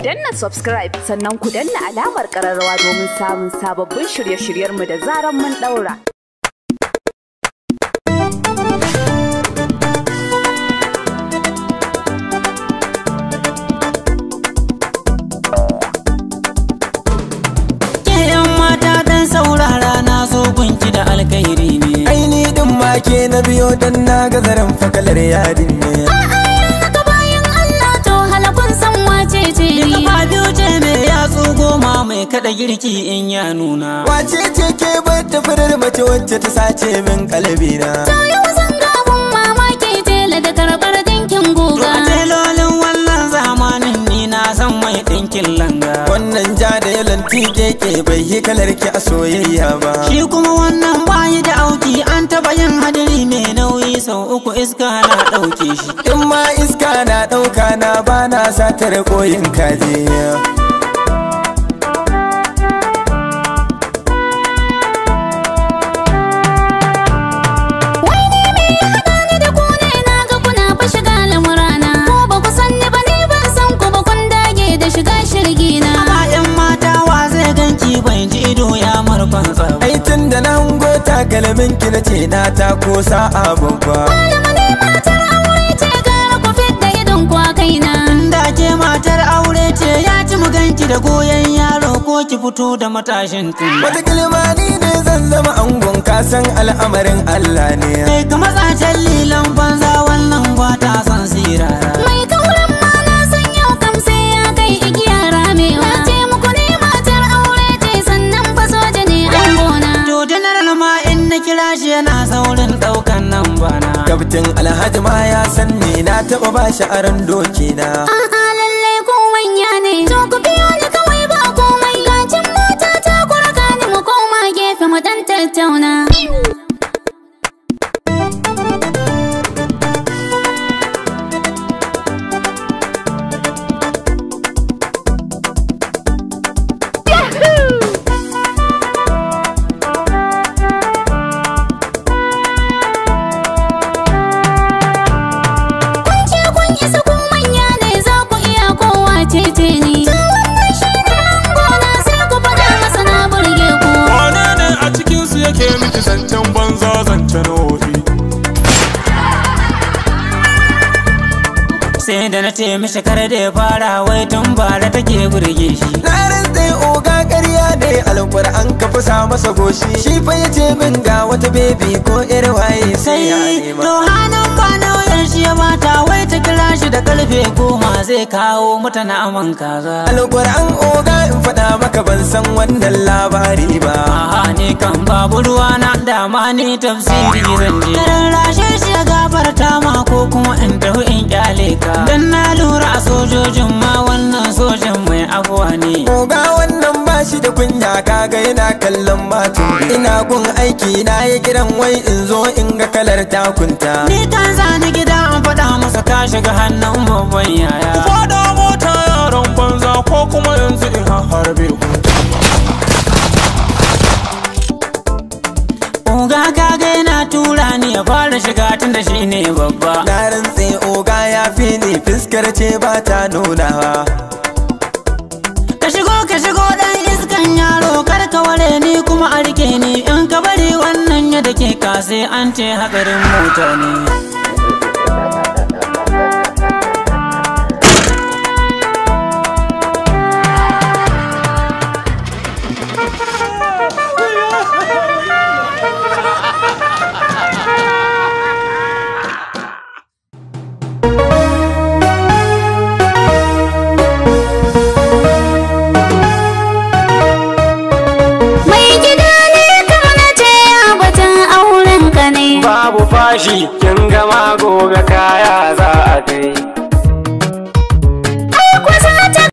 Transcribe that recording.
Ku danna subscribe sannan ku danna alamar ƙararrawa domin samun sababbin shirye-shiryenmu da zaran mun ɗaura. alkhairi ne na biyo dan na ga zaren fakalar yadin ne kada girki in ya nuna wace ce ke bata mace wacce ta sace min kalbina ta yau zan gabun mamaki tela da tarbar dinkin guga telolin wannan zamanin ni na san mai dinkin langa wannan ja da yalan tike ke bai yi kalar ki a soyayya ba shi kuma wannan bayi da auki an taba yin hadiri mai nauyi sau uku iska na ɗauke shi in ma iska na ɗauka na bana satar koyin kaje zargina amma yan mata wa zai ganki bai ji ido ya marfan tsaro ai tun da na hango takalmin ki na ce na ta ko sa'a babba malama ne matar aure ce gara ku fidda idon ku kaina inda ke matar aure ce ya ci mu ganki da goyon yaro ko ki fito da matashin ku wata kalma ni ne zan zama angon kasan al'amarin Allah ne kai ka matsacen lilan banza wannan gwata yana saurin ɗaukan nan bana kaftin alhaji ma ya san ni na taɓa ba shi aron doki na a'a lalle ko ya ne to ku biyo ni kawai ba komai gajin mota ta kurka ni mu koma gefe mu dan tattauna sai da na ce mishi kar da ya fara wai tun bara take burge shi na rantse oga ƙarya da alƙur'an ka fusa masa goshi shi fa ya ce min ga wata bebi ko yar waye sai ya nema rohanan na yan shi ya mata wai ta kira shi da karfe goma zai kawo mata na aman kaza alƙur'an oga in faɗa maka ban san wannan labari ba a'a ne kan babu na. dama ne tafsiri zan je rashin shiga farta ma ko kuma in tafi in kyale ka dan na lura a sojojin ma wannan sojan mai afuwa ne ga wannan bashi da kunya kaga yana kallon batu ina gun aiki na yi gidan wai in zo in ga kalar takunta ni ta zani gida an faɗa masa ta shiga hannun babban yaya ko da mota yaron banza ko kuma yanzu in ne babba na rantse oga ya fi ni fiskar ce ba ta ba ka shigo ka shigo dan iskan yaro kar ka ware ni kuma a rike ni in ka bari wannan ya dake ka sai an ce hakarin mota ne babu fashi kin gama gobe kaya za a kai